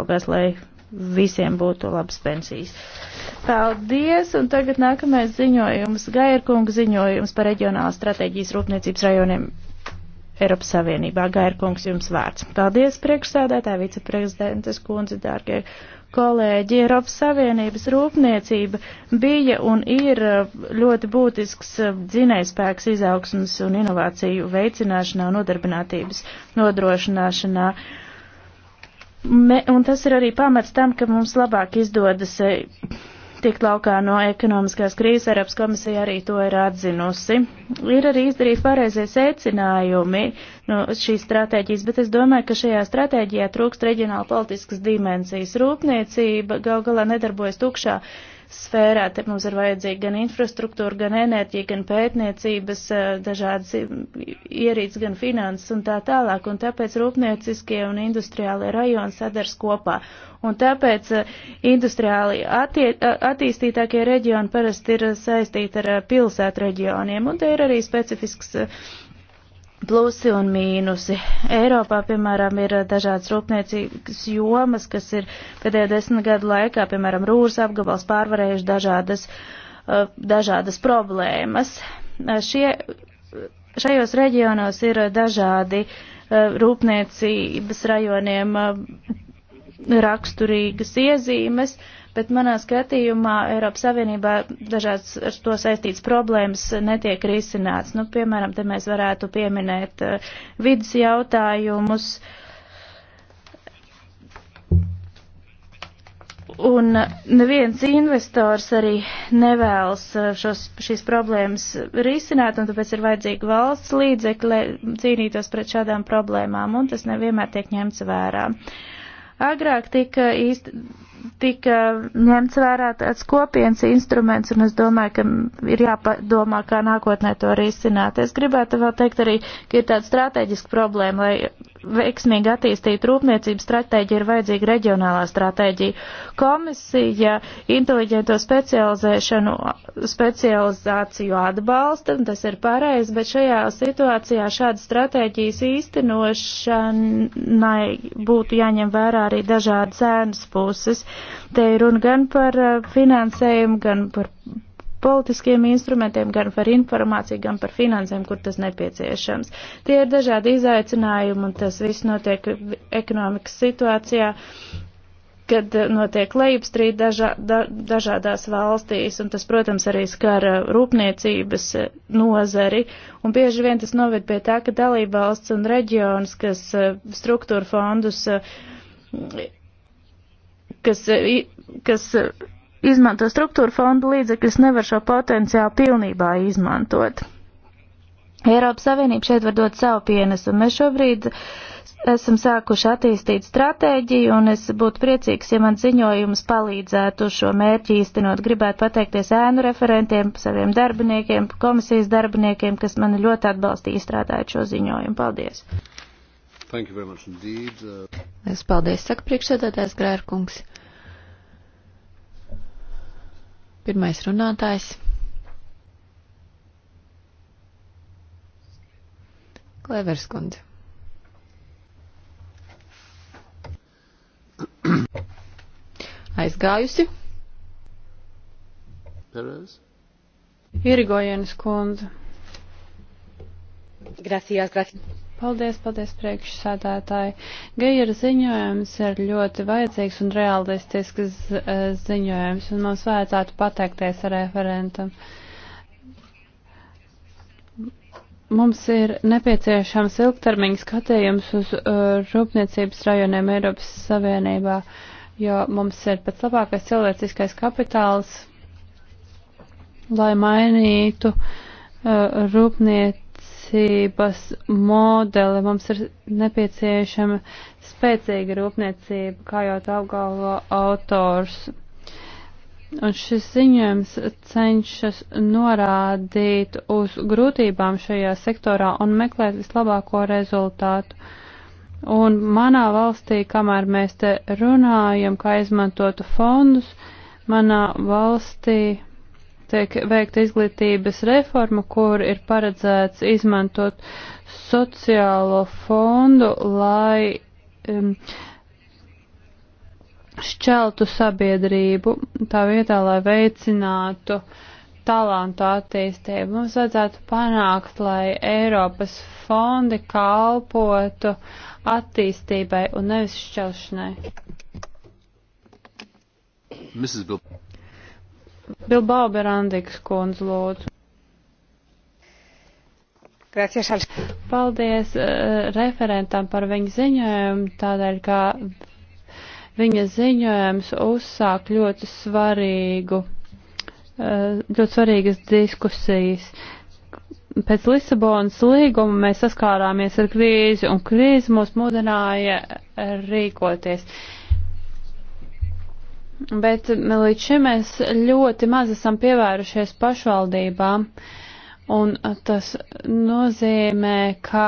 jāraugās, lai visiem būtu labas pensijas. Paldies, un tagad nākamais ziņojums, Gairkunga ziņojums par reģionālas stratēģijas rūpniecības rajoniem Eiropas Savienībā. Gairkungs jums vārds. Paldies, priekšsēdētāji, viceprezidentes kundze, dārgie kolēģi. Eiropas Savienības rūpniecība bija un ir ļoti būtisks dzinējspēks izaugsmas un inovāciju veicināšanā un nodarbinātības nodrošināšanā. Uh, Me, un tas ir arī pamats tam, ka mums labāk izdodas eh, tikt laukā no ekonomiskās krīzes. Eiropas komisija arī to ir atzinusi. Ir arī izdarīti pareizie secinājumi no šīs stratēģijas, bet es domāju, ka šajā stratēģijā trūkst reģionāla politiskas dimensijas. Rūpniecība gal galā nedarbojas tukšā. Uh, sfērā. Te mums ir vajadzīga gan infrastruktūra, gan enerģija, gan pētniecības, eh, dažādas ierīces, gan finanses un tā tālāk. Un tāpēc rūpnieciskie un industriālie rajoni sadars kopā. Un tāpēc eh, industriāli attie, eh, attīstītākie reģioni parasti ir saistīti ar pilsētu reģioniem. Un te ir arī specifisks plusi un mīnusi. Eiropā, piemēram, ir dažādas rūpniecības jomas, kas ir pēdējo desmit gadu laikā, piemēram, rūras apgabals pārvarējuši dažādas, uh, dažādas problēmas. Uh, šie, šajos reģionos ir dažādi uh, rūpniecības rajoniem raksturīgas iezīmes. Uh, bet manā skatījumā Eiropas Savienībā dažādas ar to saistītas problēmas netiek risināts. Nu, piemēram, te mēs varētu pieminēt eh, vidas jautājumus. Un neviens investors arī nevēlas eh, šos, šīs problēmas risināt, un tāpēc ir vajadzīga valsts līdzekļi, lai cīnītos pret šādām problēmām, un tas nevienmēr tiek ņemts vērā. Agrāk tika īsti tika ņemts vērā tāds kopienas instruments, un es domāju, ka ir jāpadomā, kā nākotnē to risināt. Es gribētu vēl teikt arī, ka ir tāda strateģiska problēma, lai veiksmīgi attīstīt rūpniecības stratēģiju, ir vajadzīga reģionālā stratēģija. Komisija inteliģento specializēšanu, specializāciju atbalsta, un tas ir pareizi, bet šajā situācijā šādas stratēģijas īstenošanai būtu jāņem vērā arī dažādi cēnas puses. Te ir runa gan par eh, finansējumu, gan par politiskiem instrumentiem, gan par informāciju, gan par finansēm, kur tas nepieciešams. Tie ir dažādi izaicinājumi, un tas viss notiek ekonomikas situācijā, kad eh, notiek lejupstrīd dažā, da, dažādās valstīs, un tas, protams, arī skar eh, rūpniecības eh, nozari, un bieži vien tas noved pie tā, ka dalībvalsts un reģions, kas struktūra fondus, kas, kas izmanto struktūra fondu līdzekļus, nevar šo potenciālu pilnībā izmantot. Eiropas Savienība šeit var dot savu pienesumu. Mēs šobrīd esam sākuši attīstīt stratēģiju, un es būtu priecīgs, ja man ziņojums palīdzētu šo mērķi īstenot. Gribētu pateikties ēnu referentiem, saviem darbiniekiem, komisijas darbiniekiem, kas mani ļoti atbalstīja strādājot šo ziņojumu. Paldies! Es paldies, saka priekšsēdētājs Grērkungs. Pirmais runātājs. Klevers kundze. Aizgājusi. Perez. Irigojienas kundze. Gracias, gracias. Paldies, paldies priekšsādātāji. Geira ziņojums ir ļoti vajadzīgs un realistisks eh, ziņojums, un mums vajadzētu pateikties referentam. Mums ir nepieciešams ilgtermiņa skatījums uz uh, rūpniecības rajoniem Eiropas Savienībā, jo mums ir pats labākais cilvēciskais kapitāls, lai mainītu uh, eh, rūpniecību rūpniecības modeli. Mums ir nepieciešama spēcīga rūpniecība, kā jau tā apgalvo autors. Un šis ziņojums cenšas norādīt uz grūtībām šajā sektorā un meklēt vislabāko rezultātu. Un manā valstī, kamēr mēs te runājam, kā izmantotu fondus, manā valstī tiek veikta izglītības reforma, kur ir paredzēts izmantot sociālo fondu, lai um, šķeltu sabiedrību tā vietā, lai veicinātu talantu attīstību. Mums vajadzētu panākt, lai Eiropas fondi kalpotu attīstībai un nevis šķelšanai. Mrs. Bill. Bilbao Berandikas kundze lūdzu. Gracias. Paldies uh, referentam par viņu ziņojumu, tādēļ, ka viņa ziņojums uzsāk ļoti svarīgu, uh, ļoti svarīgas diskusijas. Pēc Lisabonas līguma mēs saskārāmies ar krīzi, un krīze mūs mudināja rīkoties. Uh, bet mm, līdz šim mēs ļoti maz esam pievērušies pašvaldībām, un tas nozīmē, ka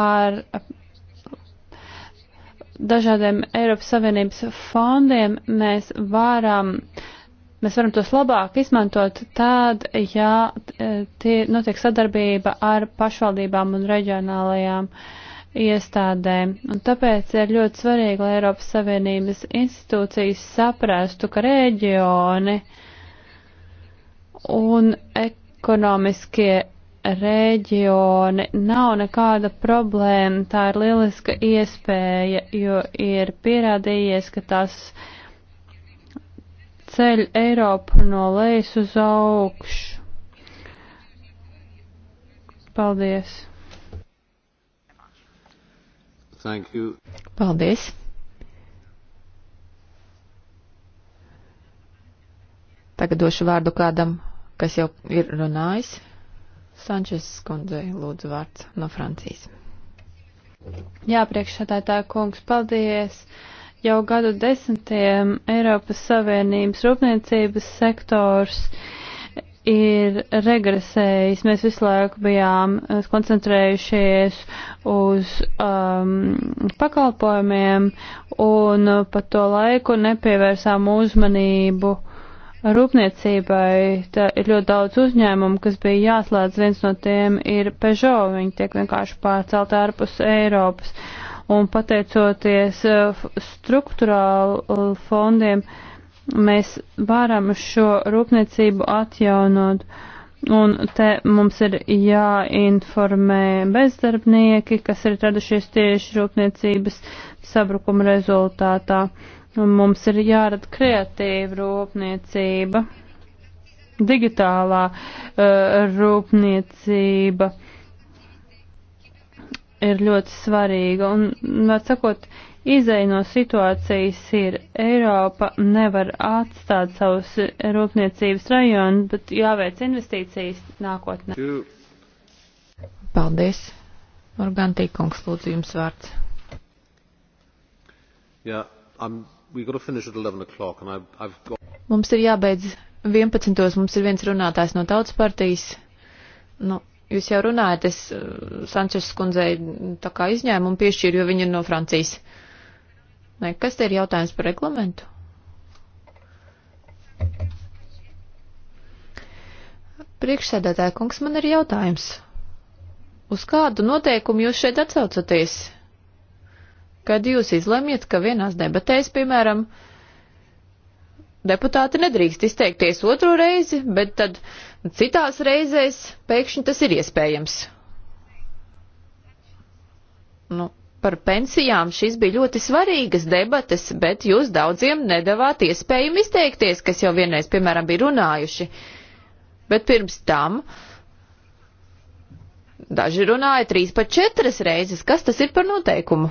ar dažādiem Eiropas Savienības fondiem mēs varam, mēs varam tos labāk izmantot tād, ja e, tie notiek sadarbība ar pašvaldībām un reģionālajām uh, iestādēm, un tāpēc ir ļoti svarīgi, lai Eiropas Savienības institūcijas saprastu, ka reģioni un ekonomiskie reģioni nav nekāda problēma, tā ir lieliska iespēja, jo ir pierādījies, ka tas ceļ Eiropu no lejas uz augšu. Paldies! Thank you. Paldies. Tagad došu vārdu kādam, kas jau ir runājis. Sančes skundzei lūdzu vārds no Francijas. Jā, priekšsādātāja kungs, paldies! Jau gadu desmitiem Eiropas Savienības rūpniecības sektors uh, ir regresējis. Mēs visu laiku bijām eh, koncentrējušies uz um, pakalpojumiem un pa to laiku nepievērsām uzmanību rūpniecībai. Tā ir ļoti daudz uzņēmumu, kas bija jāslēdz. Viens no tiem ir Peugeot. Viņi tiek vienkārši pārcelt ārpus Eiropas. Un pateicoties eh, struktūrālu fondiem, uh, mēs varam šo rūpniecību atjaunot. Un te mums ir jāinformē bezdarbnieki, kas ir radušies tieši rūpniecības sabrukuma rezultātā. Un mums ir jārada kreatīva rūpniecība, digitālā uh, rūpniecība ir ļoti svarīga. Un, var nu, sakot, uh, Izeja no situācijas ir Eiropa nevar atstāt savus rūpniecības rajonus, bet jāveic investīcijas nākotnē. Paldies. Morgantī kungs, lūdzu jums vārds. Yeah, um, I'm, o'clock, and I've, I've got... Mums ir jābeidz 11. mums ir viens runātājs no tautas partijas. Nu, jūs jau runājat, es uh, Sančes kundzei tā kā izņēmumu piešķīru, jo viņa ir no Francijas. Uh, Nē, kas te ir jautājums par reglamentu? Priekšsēdētāja kungs, man ir jautājums. Uz kādu noteikumu jūs šeit atsaucaties? Kad jūs izlemjat, ka vienās debatēs, piemēram, deputāti nedrīkst izteikties otro reizi, bet tad citās reizēs pēkšņi tas ir iespējams. Nu, par pensijām šīs bija ļoti svarīgas debates, bet jūs daudziem nedavāt iespējumu izteikties, kas jau vienreiz, piemēram, bija runājuši. Bet pirms tam daži runāja trīs pat četras reizes. Kas tas ir par noteikumu?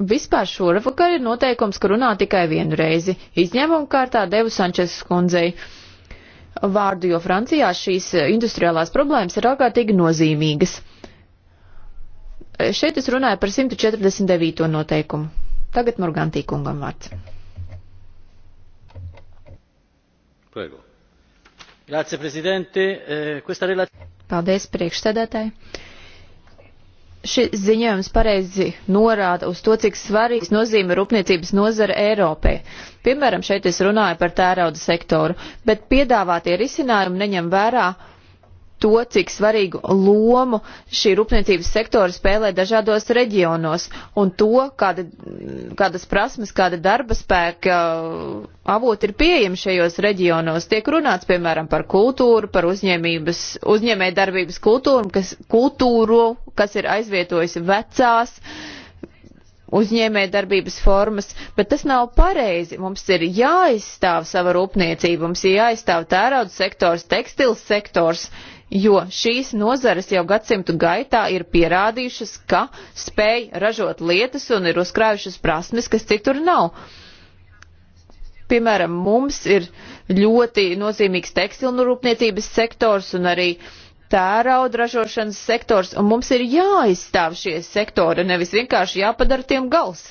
Vispār šovakar ir noteikums, ka runā tikai vienu reizi. Izņēmuma kārtā devu Sančes skundzei. Uh, vārdu, jo Francijā šīs eh, industriālās problēmas ir ārkārtīgi nozīmīgas. Šeit es runāju par 149. noteikumu. Tagad Morgantī kungam vārds. Prego. Grazie, Presidente. Eh, questa relazione. Paldies, priekšsēdētāji šis ziņojums pareizi norāda uz to, cik svarīgs nozīme rūpniecības nozara Eiropai. Piemēram, šeit es runāju par tērauda sektoru, bet piedāvātie risinājumi neņem vērā to, cik svarīgu lomu šī rūpniecības sektora spēlē dažādos reģionos un to, kāda, kādas prasmes, kāda darba spēka uh, avoti ir pieejami šajos reģionos. Tiek runāts, piemēram, par kultūru, par uzņēmības, uzņēmē darbības kultūru, kas, kultūru, kas ir aizvietojusi vecās uzņēmējdarbības formas, bet tas nav pareizi. Mums ir jāaizstāv sava rūpniecība, mums ir jāaizstāv tērauda sektors, tekstils sektors, jo šīs nozares jau gadsimtu gaitā ir pierādījušas, ka spēj ražot lietas un ir uzkrājušas prasmes, kas citur nav. Piemēram, mums ir ļoti nozīmīgs tekstilnurūpniecības sektors un arī tērauda ražošanas sektors, un mums ir jāizstāv šie sektori, nevis vienkārši jāpadara tiem gals.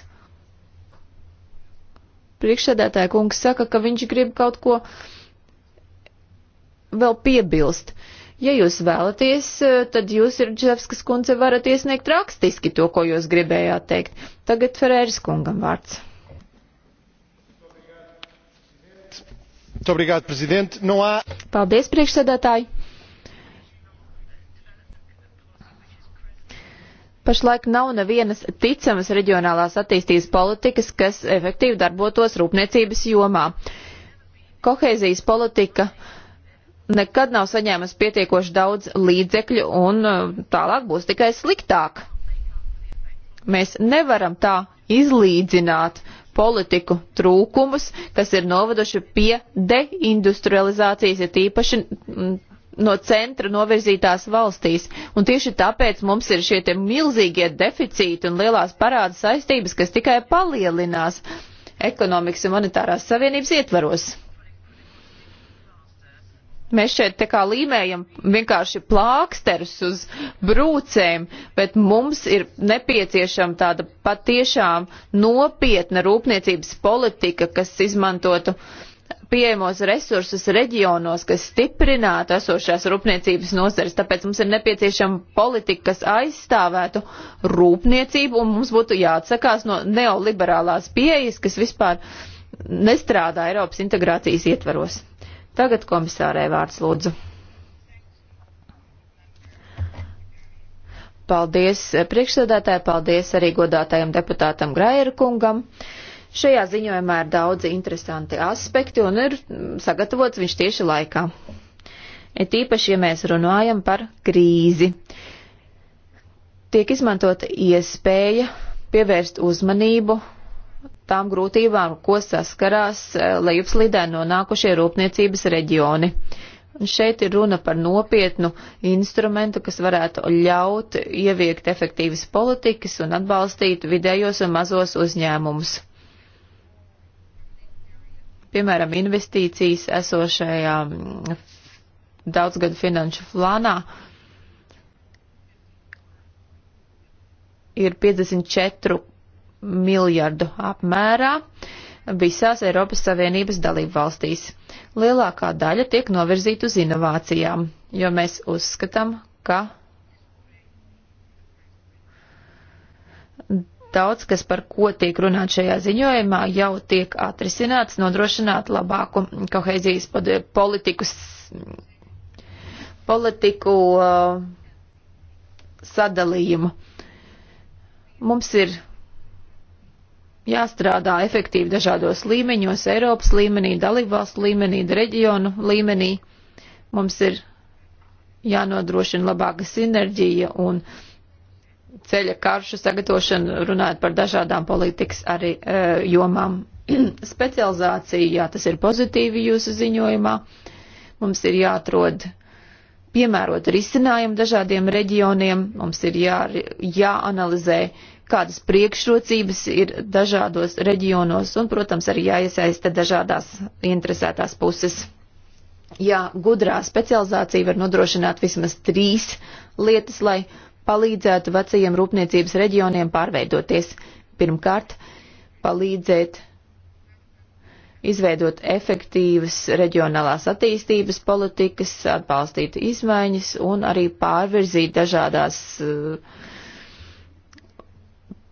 Priekšsēdētāja kungs saka, ka viņš grib kaut ko vēl piebilst. Uh, Ja jūs vēlaties, eh, tad jūs, Irģevskas kundze, varat iesniegt rakstiski to, ko jūs gribējāt teikt. Tagad Ferēras kungam vārds. Obrigado, presidente. Não há... Paldies, priekšsēdētāji. Pašlaik nav nevienas ticamas reģionālās attīstības politikas, kas efektīvi darbotos rūpniecības jomā. Kohēzijas politika uh, nekad nav saņēmusi pietiekoši daudz līdzekļu un uh, tālāk būs tikai sliktāk. Mēs nevaram tā izlīdzināt politiku trūkumus, kas ir novaduši pie deindustrializācijas, ir tīpaši mm, no centra novirzītās valstīs. Un tieši tāpēc mums ir šie milzīgie deficīti un lielās parāda saistības, kas tikai palielinās ekonomikas un monetārās savienības ietvaros. Mēs šeit tā kā līmējam vienkārši plāksterus uz brūcēm, bet mums ir nepieciešama tāda patiešām nopietna rūpniecības politika, kas izmantotu pieejamos resursus reģionos, kas stiprinātu esošās rūpniecības nozares. Tāpēc mums ir nepieciešama politika, kas aizstāvētu rūpniecību, un mums būtu jāatsakās no neoliberālās pieejas, kas vispār nestrādā Eiropas integrācijas ietvaros. Tagad komisārai vārds lūdzu. Paldies eh, priekšsēdētāji, paldies arī godātajam deputātam Graieru kungam. Šajā ziņojumā ir daudzi interesanti aspekti un ir sagatavots viņš tieši laikā. Ir tīpaši, ja mēs runājam par krīzi. Tiek izmantota iespēja pievērst uzmanību tām grūtībām, ko saskarās e, lejupslīdē nonākušie rūpniecības reģioni. Un šeit ir runa par nopietnu instrumentu, kas varētu ļaut ieviekt efektīvas politikas un atbalstīt vidējos un mazos uzņēmumus. Piemēram, investīcijas esošajā mm, daudzgadu finanšu plānā ir 54 miljardu apmērā visās Eiropas Savienības dalību valstīs. Lielākā daļa tiek novirzīta uz inovācijām, jo mēs uzskatām, ka daudz, kas par ko tiek runāt šajā ziņojumā, jau tiek atrisināts, nodrošināt labāku kohēzijas politikus, politiku uh, sadalījumu. Mums ir jāstrādā efektīvi dažādos līmeņos, Eiropas līmenī, dalībvalstu līmenī, reģionu līmenī. Mums ir jānodrošina labāka sinerģija un ceļa karšu sagatavošana, runājot par dažādām politikas arī e, jomām. Specializācija, jā, tas ir pozitīvi jūsu ziņojumā. Mums ir jāatrod piemērot risinājumu dažādiem reģioniem, mums ir jā, jāanalizē kādas priekšrocības ir dažādos reģionos un, protams, arī jāiesaista dažādās interesētās puses. Jā, gudrā specializācija var nodrošināt vismaz trīs lietas, lai palīdzētu vecajiem rūpniecības reģioniem pārveidoties. Pirmkārt, palīdzēt izveidot efektīvas reģionālās attīstības politikas, atbalstīt izmaiņas un arī pārvirzīt dažādās uh,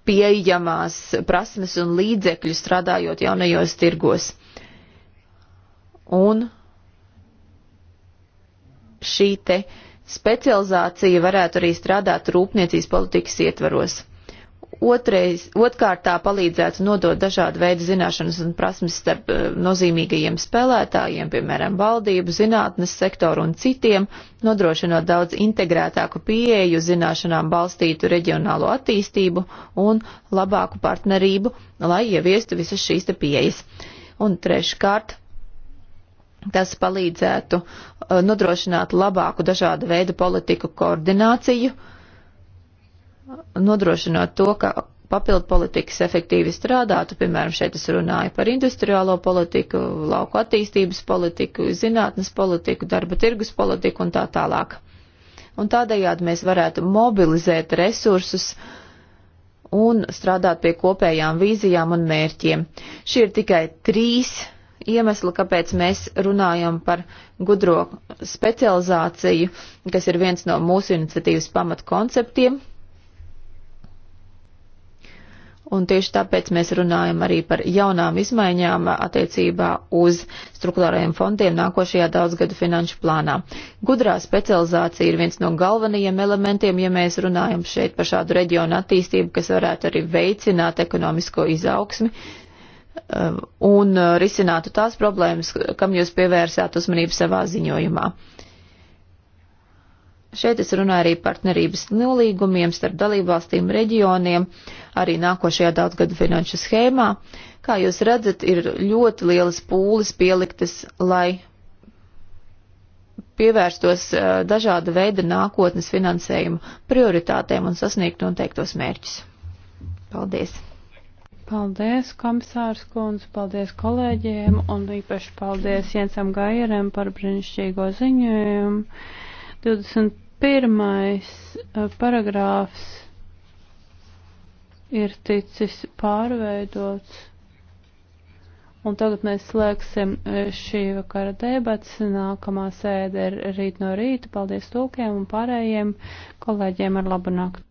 pieejamās prasmes un līdzekļu strādājot jaunajos tirgos. Un šī te specializācija varētu arī strādāt rūpniecības politikas ietvaros. Otrais, otkārtā palīdzētu nodot dažādu veidu zināšanas un prasmes starp eh, nozīmīgajiem spēlētājiem, piemēram, valdību, zinātnes sektoru un citiem, nodrošinot daudz integrētāku pieeju zināšanām balstītu reģionālo attīstību un labāku partnerību, lai ieviestu visas šīs te pieejas. Un treškārt, tas palīdzētu eh, nodrošināt labāku dažādu veidu politiku koordināciju, uh, nodrošinot to, ka papildu politikas efektīvi strādātu, piemēram, šeit es runāju par industriālo politiku, lauku attīstības politiku, zinātnes politiku, darba tirgus politiku un tā tālāk. Un tādējādi mēs varētu mobilizēt resursus un strādāt pie kopējām vīzijām un mērķiem. Šie ir tikai trīs iemesli, kāpēc mēs runājam par gudro specializāciju, kas ir viens no mūsu iniciatīvas pamatkonceptiem, Un tieši tāpēc mēs runājam arī par jaunām izmaiņām attiecībā uz struktūrējiem fondiem nākošajā daudzgadu finanšu plānā. Gudrā specializācija ir viens no galvenajiem elementiem, ja mēs runājam šeit par šādu reģionu attīstību, kas varētu arī veicināt ekonomisko izaugsmi um, un uh, risinātu tās problēmas, kam jūs pievērsāt uzmanību savā ziņojumā. Šeit es runāju arī partnerības nolīgumiem starp dalībvalstīm, reģioniem, arī nākošajā daudzgadu finanšu schēmā. Kā jūs redzat, ir ļoti lielas pūles pieliktas, lai pievērstos dažāda veida nākotnes finansējuma prioritātēm un sasniegt noteiktos mērķus. Paldies! Paldies, komisārs kundz, paldies kolēģiem un īpaši paldies Jensam Gaieram par brīnišķīgo ziņojumu. 21. Eh, paragrāfs ir ticis pārveidots. Un tagad mēs slēgsim eh, šī vakara debats. Nākamā sēde ir rīt no rīta. Paldies tūkiem un pārējiem kolēģiem ar labu nakti.